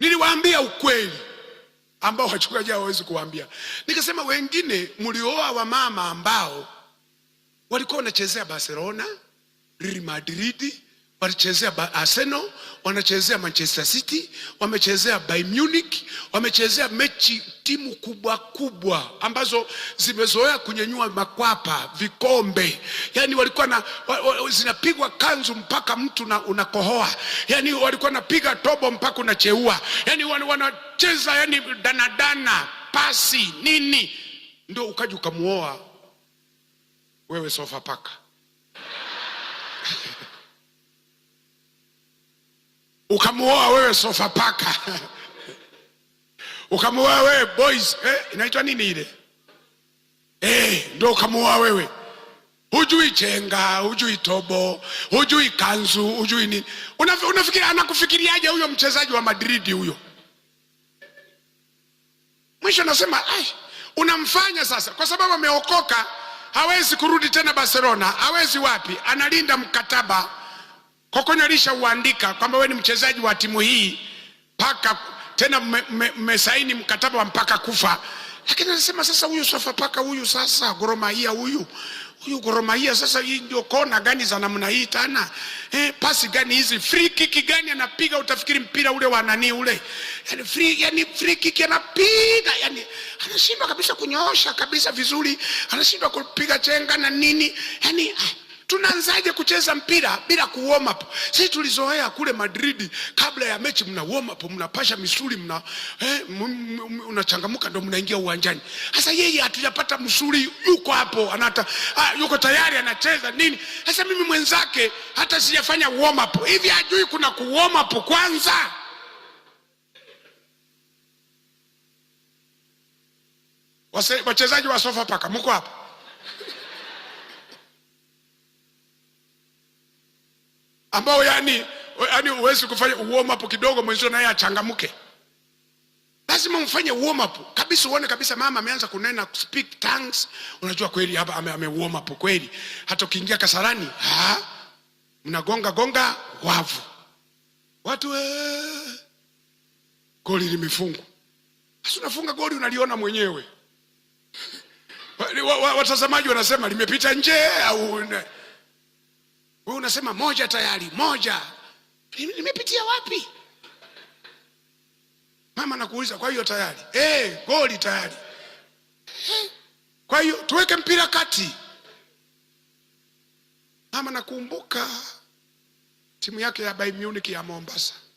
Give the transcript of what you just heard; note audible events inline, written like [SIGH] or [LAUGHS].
Niliwaambia ukweli ambao wachungaji hawawezi kuwaambia. Nikasema wengine mlioa wamama ambao walikuwa wanachezea Barcelona, Real Madrid walichezea Arsenal, wanachezea Manchester City, wamechezea Bayern Munich, wamechezea mechi timu kubwa kubwa ambazo zimezoea kunyanyua makwapa, vikombe. Yani walikuwa na wa, wa, zinapigwa kanzu mpaka mtu na unakohoa. Yani walikuwa napiga tobo mpaka unacheua. Yani wanacheza yani danadana, pasi nini, ndio ukaja ukamuoa wewe sofa paka [LAUGHS] ukamuoa wewe sofa paka ukamuoa wewe boys eh, inaitwa nini ile eh, ndo ukamuoa wewe hujui chenga, hujui tobo, hujui kanzu, hujui nini. Unafikiri anakufikiriaje huyo mchezaji wa Madridi huyo? Mwisho nasema ai, unamfanya sasa, kwa sababu ameokoka, hawezi kurudi tena Barcelona, hawezi wapi, analinda mkataba kwa Kokonyi alishauandika kwamba we ni mchezaji wa timu hii paka tena mmesaini mme, mkataba wa mpaka kufa, lakini anasema sasa, huyu paka huyu sasa Gor Mahia huyu huyu Gor Mahia sasa, hii ndio kona gani za namna hii tena eh, pasi gani hizi, free kick gani anapiga, utafikiri mpira ule wa nani ule, yani free, yani free kick anapiga, yani anashindwa kabisa kunyoosha kabisa vizuri, anashindwa kupiga chenga na nini yani ah. Tunaanzaje kucheza mpira bila ku warm up? Sisi tulizoea kule Madrid, kabla ya mechi mna warm up, mnapasha misuli, mna eh, unachangamuka ndio mnaingia uwanjani. Sasa yeye hatujapata msuli, yuko hapo anata ah, yuko tayari anacheza nini. Sasa mimi mwenzake hata sijafanya warm up, hivi hajui kuna ku warm up kwanza. Wachezaji wa Sofapaka mko hapo ambao yani yani uwezi kufanya warm up kidogo mwenzio naye achangamke. Lazima mfanye warm up kabisa, uone kabisa mama ameanza kunena speak tongues, unajua kweli hapa ame, ame warm up kweli. Hata ukiingia kasarani ha? mnagonga gonga wavu watu ee, goli limefungwa. Sasa unafunga goli unaliona mwenyewe [LAUGHS] watazamaji wanasema limepita nje au wewe unasema moja tayari, moja nimepitia wapi? Mama nakuuliza, kwa hiyo tayari eh, goli tayari eh, kwa hiyo tuweke mpira kati. Mama nakumbuka timu yake ya Bayern Munich ya Mombasa